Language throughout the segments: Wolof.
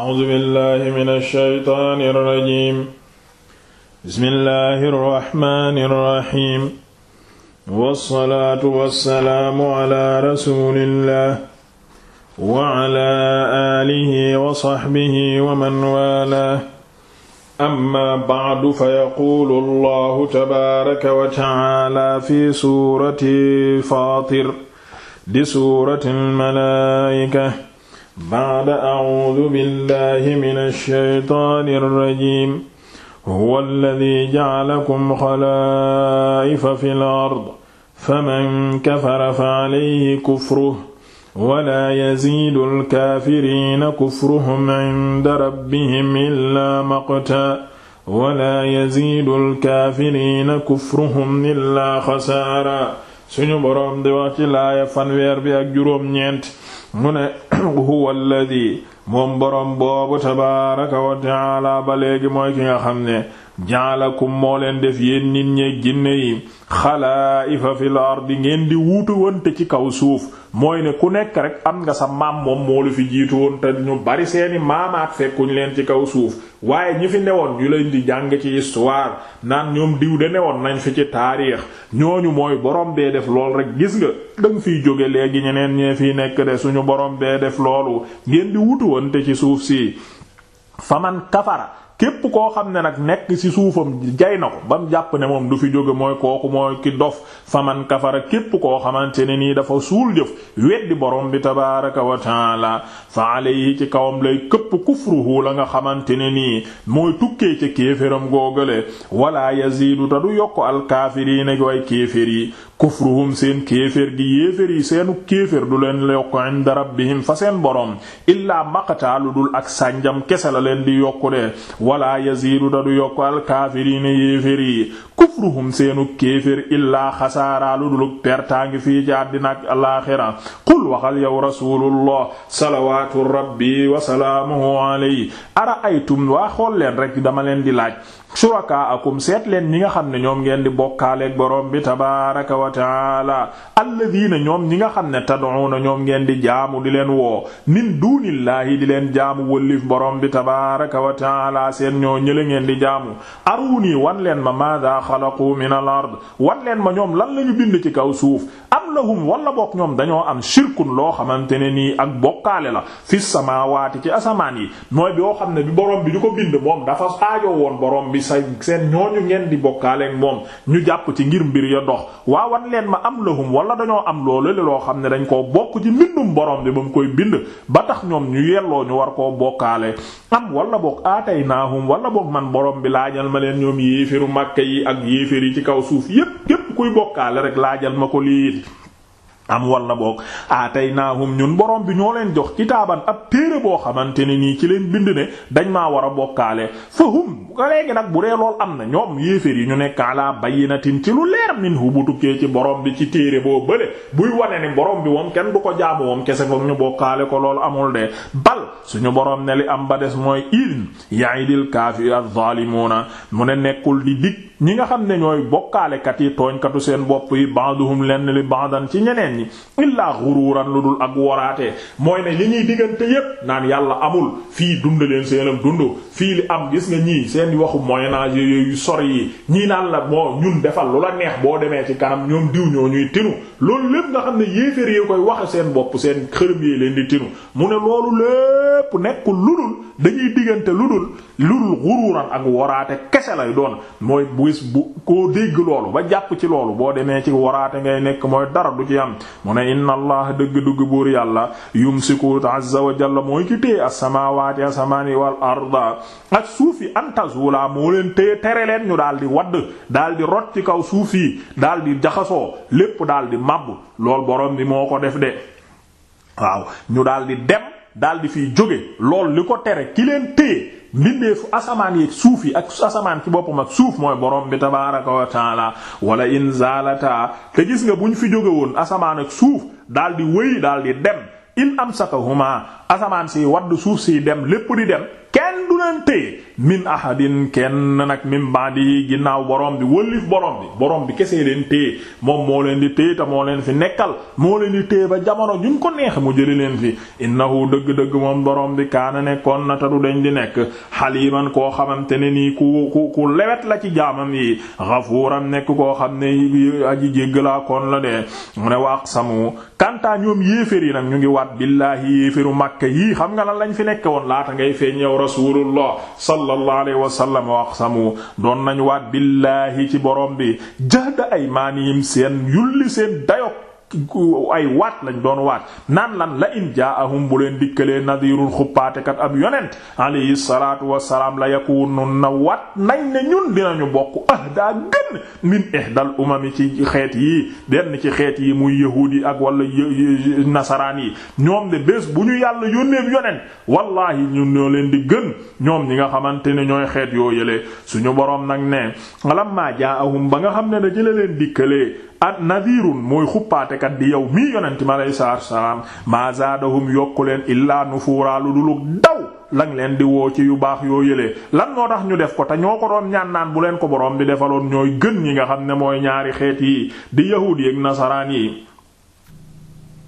a'uuzu billahi minash shaytaanir rajiim bismillahir rahmaanir rahiim wassalaatu wassalaamu ala rasuulillah wa ala aalihi wa sahbihi wa man waalaah amma ba'du fa yaquulu allahu tabaaraka wa ta'aala fi suurati faatir di suurati al malaa'ika ba'da a'uudu billahi minash shaytaanir rajiim huwa alladhi ja'alakum xalaa'ifa fil ard faman kafara fa'alayhi kufruhu wala yaziidu alkaafiriina kufruhum 'inda rabbihim illaa maqta wala yaziidu alkaafiriina kufruhum illaa xasaara suñu boroom di wax ci laaya fanweer bi ak juróom ñeent mu ne huwa alladhi moom boroom boobu tabaaraka wa ta'aala ba léegi mooy ki nga xam ne jaalakum moo leen def yéen nit ñeeg jinne yi xalaa'ifa fil ardi ngeen di wuutu wante ci kaw suuf mooy ne ku nekk rek am nga sa maam moom moo lu fi jiitu woon te ñu bari seeni maamaat fekkuñ leen ci kaw suuf waaye ñi fi newoon ñu leen di jàng ci histoire naan ñoom diw de newoon nañ fi ci taarix ñooñu mooy borom bee def lool rek gis nga danga fiy jóge léegi ñeneen ñee fiy nekk de suñu borom bee def loolu ngeen di wuutu wante ci suuf si faman kafara képp koo xam ne nag nekk ci suufam jay na ko ba mu jàpp ne moom du fi jóge mooy kooku mooy ki dof faman kafara képp koo xamante ne nii dafa suul jëf weddi borom bi tabaraka wa taala fa alayhi ci kawam lay képp kufruhu la nga xamante ne nii mooy tukkee ca googa googale wala yazidu ta du yokk alkaafiriina way kéefér yi kufruhum seen kéefér gi yéefér yi seenu kéefér du leen yokk inda rabbihim fa seen borom illaa maqtaalu dul ak sànjam kese la leen di yokku wala yaziidu da du yokk alkaafiriina yéefér yi kufruhum seenu kéefér illaa xasaaraa lu dul pertaa ngi fii ci àddina ak alaaxira qul waxal yow rasuulullah salawaatu rabbi wa salaamuhu alayhi ara aytum waa xool leen rek dama leen di laaj shurakaakum seet leen ñi nga xam ne ñoom ngeen di bokkaaleeg borom bi tabaaraka wa taala alladiina ñoom ñi nga xam ne tad'uuna ñoom ngeen di jaamu di leen woo min duunillaahi di leen jaamu wëllif borom bi tabaaraka wa taala seen ñoo ñële ngeen di jaamu aruni wan leen ma maadaa xalaqu min al wan leen ma ñoom lan lañu bind ci kaw suuf am lahum wala bokk ñoom dañoo am shirkun loo xamante ne nii ak bokkaale la fi samaawaati ci asamaan yi mooy boo xam ne bi borom bi di ko bind moom dafa aajo woon bi muy say seen ñooñu ngeen di bokkaaleeg moom ñu jàpp ci ngir mbir ya dox wan leen ma am lahum wala dañoo am loolu loo xam ne dañ koo bokk ci mbindum boroom bi ba mu koy bind ba tax ñoom ñu yelloo ñu war koo bokkaale am wala boog aataynaahum wala book man boroom bi laajal ma leen ñoom yéeféru màkke yi ak yéefér yi ci kaw suuf yépp képp kuy bokkaale rek laajal ma ko lii am walla boog aataynaahum ñun borom bi ñoo leen jox kitaaban ab téere boo xamante ne nii ci leen bind ne dañ maa war a bokkaale fa hum ko léegi nag bu dee lool am na ñoom yéeféer yi ñu nekk ala bayyinatin ci lu leer minhu bu tukkee ci boroom bi ci téere boo bële buy wane ni borom bi moom kenn du ko jaamu moom kese foog ñu bokkaale ko lool amul de bal suñu borom ne li am ba des mooy in yaidil kaafir az na mu ne nekkul di dig ñi nga xam ne ñooy bokkaalekat yi tooñkatu seen bopp yi ba'duhum lenn li ci ñeneen yi illaa xuruuran lu dul ak waraatee mooy na ñi ñuy diggante yépp naan yàlla amul fii dund leen seenam dund fii li am gis nga ñii seen waxu moyen âge yu sori yi ñii naan la moo ñun defal lu la neex boo demee ci kanam ñoom diw ñoo ñuy tinu loolu lépp nga xam ne yéefér yi koy waxe seen bopp seen xërëm yi leen di tinu mu ne loolu lépp nekkul lu dul dañuy diggante lu dul lu dul xuruuran ak waraate kese lay doon mooy bu gis bu koo dégg loolu ba jàpp ci loolu boo demee ci waraate ngay nekk mooy dara du ci am mu ne inna allah dëgg-dëgg buur yàlla yumsiku azza wa jalla mooy ki téye as-samaawaati asamaani wal arda ak suuf yi an tazula moo leen téye tere leen ñu daal di wadd daldi di rot ci kaw suuf yi daal jaxasoo lépp daal di màbb lool borom bi moo ko def de waaw ñu daal di dem daal di jóge lool li ko tere ki leen téye mbindeefu asamaan yi suuf yi ak asamaan ci boppam ak suuf mooy borom bi tabaaraka wa taala wala in zaalataa te gis nga bu ñu fi jóge woon asamaan ak suuf daal di wëy daal di dem in amsakahuma asamaan si wadd suuf si dem lépp di dem kenn du leen téye min ahadin kenn nag min yi ginnaaw borom bi wëllif borom bi borom bi kese leen téye moom moo leen di téye te moo leen fi nekkal moo leen di téye ba jamono juñ ko neexe mu jëli leen fi innahu dëgg-dëgg moom borom bi kaana nekkoon na te du deñ di nekk xaliman koo xamante ne nii ku ku ku lewet la ci jaamam yi ghafuuran nekk koo xam ne aji jéggalaakoon la de mu ne wa aqsamu kantaa ñoom yéefér yi nag ñu ngi waat billaahi yéeféru Makka yii xam nga lan lañ fi nekk woon laata ngay feeñ yow rasulullah sallallahu alayhi wa sallam wa aqsamu doon nañ waat billaahi ci borom bi jahda aymaanihim seen yulli seen dayok ay waat lañ doon waat nan lan la in jaahum bu leen dikkalee nadirul xuppaatekat ab yonent alayhi salaatu wassalaam la yakunun na waat nañ ne ñun dinañu bokk ahdaa gën min ihdal umami ci xeet yi benn ci xeet yi muy yahuud yi ak wala nasaraan yi ñoom de bés bu ñu yàlla yónneeb yonent wallahi ñun ñoo leen di gën ñoom ñi nga xamante ne ñooy xeet yoo yële suñu boroom nag ne lamma jaahum ba nga xam ne da jëla leen dikkalee an nadirun mooy xuppaatekat di yow mii yonente mi alayhi salaatu wasalaam maa zaadahum yokku leen illaa nufuuraa lu duluk daw lañ leen di woo ci yu baax yoo yëlee lan moo tax ñu def ko te ñoo ko doon ñaan bu leen ko boroom bi defaloon ñooy gën ñi nga xam ne mooy ñaari xeet yi di yahuud yi nasaraan yi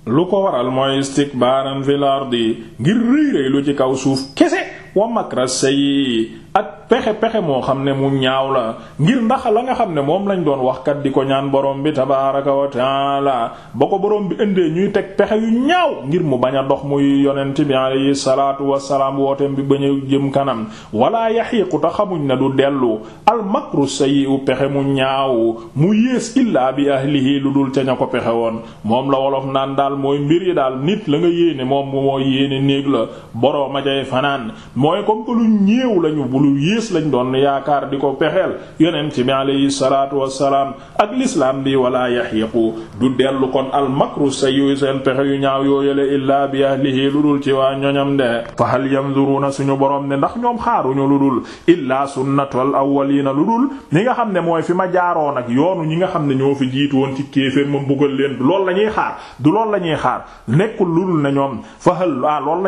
lu ko waral mooy istikbaaran fil ardi ngir rëy rëy lu ci kaw suuf kese wa makra sayyi ak pexe pexe moo xam ne mu ñaaw la ngir ndax la nga xam ne moom lañ doon wax kat di ko ñaan boroom bi tabaaraka wa taala ba ko boroom bi indee ñuy teg pexe yu ñaaw ngir mu bañ a dox muy yonent bi alayhi salaatu wa salaam wooteem bi bañu a jëm kanam wala yaxiiqu te xamuñ ne du dellu al makru sayyi'u pexe mu ñaaw mu yées illaa bi ahlihi lu dul ca ña ko pexe woon moom la wolof naan daal mooy mbir yi daal nit la nga yéene moom mooy yéene néeg la borom a lu yées lañ doon yaakaar di ko pexeel yonent bi alayhi salaatu wassalaam ak lislaam bi wala yaxiqu du dellu kon al makru sa yu seen pexe yu ñaaw yooyale illaa bi ahlihi lu dul ci waa ñoñam de fa hal yanzuruna suñu boroom ne ndax ñoom xaaruñu lu dul illaa sunnatul awwaliina lu dul ñi nga xam ne mooy fi ma jaaroo ak yoonu ñi nga xam ne ñoo fi jiitu woon ci kéeféer ma mbugal leen lool lañuy xaar du lool lañuy xaar nekkul lu dul ne ñoom fa hal ah, lool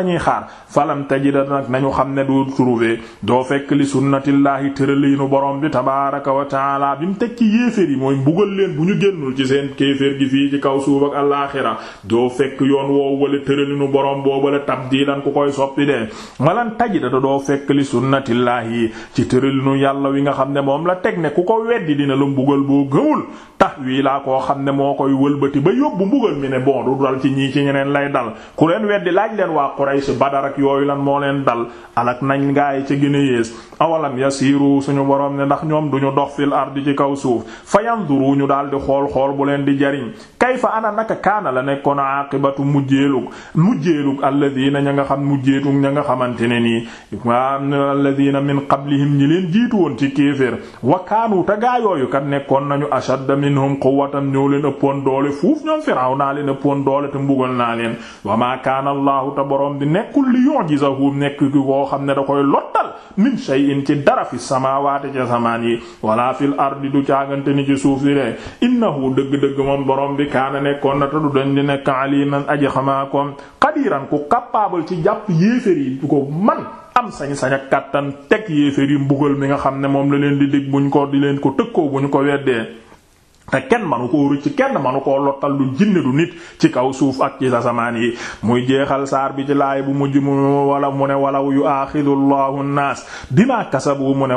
nekk li sunnatillaahi tëraliinu borom bi tabaaraka wa taala bi mu teg ci yéeféer yi mooy mbugal leen bu ñu génnul ci seen kéeféer gi fii ci kaw suuf ak alaaxira doo fekk yoon woo wala tëraliinu borom boobale tabdiilan ku koy soppi de malan tajida te doo fekk li sunnatillaahi ci tëraliinu yàlla wi nga xam ne moom la teg ne ku ko weddi dina lu mbugal boo gëmul tax wii laa koo xam ne moo koy wëlbati ba yóbbu mbugal mi ne bon du dal ci ñii ci ñeneen lay dal ku leen weddi laaj leen waa Quraysh Badar ak yooyu lan moo leen dal alak a awalam yasiiru suñu borom ne ndax ñoom duñu dox fil ardi ci kaw suuf fa yanzuru ñu daal di xool xool bu leen di jariñ kayfa ana naka kaana la nekkoon aqibatu mujjeelug mujjeelug alladina ña nga xam mujjeetug ña nga xamante ne nii waa alladina min qablihim ñi leen jiitu woon ci kéeféer wa kaanu te gaa yooyu kat nekkoon nañu ashadda minhum quwwatan ñoo leen ëppoon doole fuuf ñoom firaaw naa leen ëppoon doole te mbugal naa leen wa ma kaana allahu te borom bi nekkul li yu'jizahu nekk ki koo xam ne da koy lottal min shay'in ci dara fi samaawaati ca samaan yi wala fil ardi du caagante ni ci suuf si de innahu dëgg-dëgg moom borom bi kaa kaana nekkoon na te du dañ di nekk aliman aji xamaa koom qadiran ku capable ci jàpp yéeféer yi du ko man am sañ-sañ ak kàttan teg yéeféer yi mbugal mi nga xam ne moom la leen di dig buñ ko di leen ko tëkkoo buñ ko weddee te kenn manu koo rëcc kenn manu koo lottal du jinne du nit ci kaw suuf ak ci samaan yi muy jeexal saar bi ci laay bu mujj mu wala mu ne walaw yu aaxidu llahu nnaas bima kasabu mu ne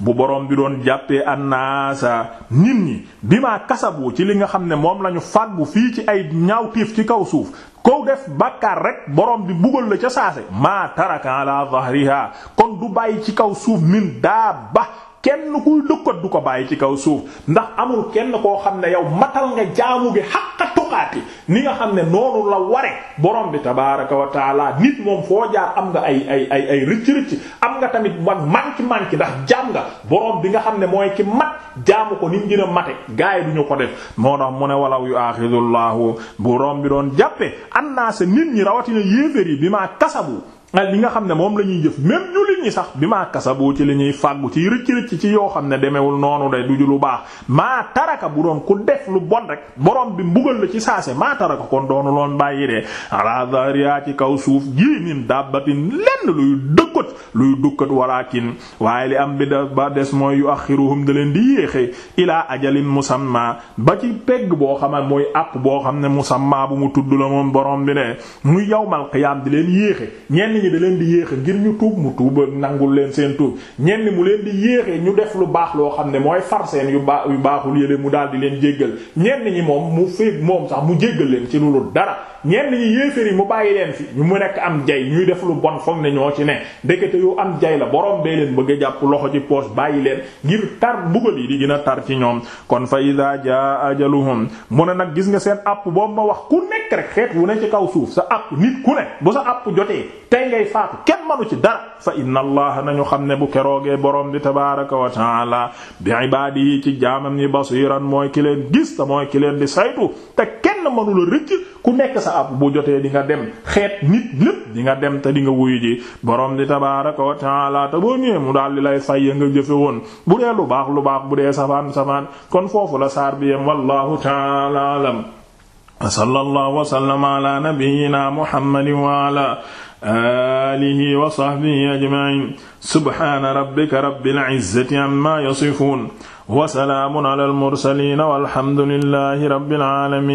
bu boroom bi doon jàppee annaasa nit ñi bima kasabu ci li nga xam ne moom lañu fàggu fii ci ay ñaawtiif ci kaw suuf kow def bàkkaar rek borom bi bugal la ca saase maa taraka ala zahriha kon du bàyyi ci kaw suuf min daa ba kenn kuy dëkkat du ko bàyyi ci kaw suuf ndax amul kenn koo xam ne yow matal nga jaamu gi xaqa tuqaati ni nga xam ne noonu la ware borom bi tabaaraka wa taala nit moom foo jaar am nga ay ay ay ay am nga tamit wan manki manki ndax jaam nga borom bi nga xam ne mooy ki mat jaamu ko ni mu gën a mate gaa yi du ñu ko def moo tax mu ne walaw yu aaxidullahu borom bi doon jàppee jàppe annaasa nit ñi rawatina yéeféer yi bi maa kasabu li nga xam ne moom la ñuy jëf même ñu lit ñi sax bi maa kasaboo ci li ñuy fàggu ci rëcc-rëcc ci yoo xam ne demewul noonu day du ju lu baax maa taraka bu doon ku def lu bon rek boroom bi mbugal la ci saase maa taraka kon doonu loon bàyyi dee ala zariya ci kaw suuf ji min dabbatin lenn luy dëkk luy dukkat walakin waaye li am bi da ba des mooy yu axiruhum da leen di yéexe ilaa ajalin musamma ba ci pegg boo xamal mooy àpp boo xam ne musamma bu mu tudd la moom borom bi ne muy yawmal qiyaam di leen yéexe ñenn ñi da leen di yéexe ngir ñu tuub mu tuub nangul leen seen tuub ñenn mu leen di yéexe ñu def lu baax loo xam ne mooy far seen yu baax yu baaxul yële mu daal di leen jéggal ñenn ñi moom mu feeg moom sax mu jéggal leen ci loolu dara ñenn ñi yéefér yi mu bàyyi leen fi ñu mu nekk am jay ñuy def lu bon foog ci ne yu am jay la borom bee leen bëgg jàpp loxo ci poche bàyyi leen ngir tar bugal yi di gën tar ci ñoom kon fa ida jaa ajaluhum mu ne nag gis nga seen app boobu ma wax ku nekk rek xeet wu ne ci kaw suuf sa app nit ku ne bu sa app jotee tey ngay faatu kenn manu ci dara fa inna allah nañu xam ne bu keroogee borom bi tabaraka wa taala bi ibaadihi ci jaamam ñi basiran mooy ki leen gis te mooy ki leen di saytu te kenn manula rëcc ku nekk sa app bu jotee di nga dem xeet nit lépp di nga dem te tabaaraka wa taala te boo ñëwee mu daal di lay fay nga jëfe woon bu dee lu baax lu baax bu dee safaan safaan kon foofu la saar bi yam wallahu taala alam sallallahu wa sallama ala nabiyyina muhammadin wa ala alihi wa sahbihi ajma'in subhana rabbika rabbil izzati amma yasifun wa salaamun ala al mursalin walhamdulillahi rabbil alamin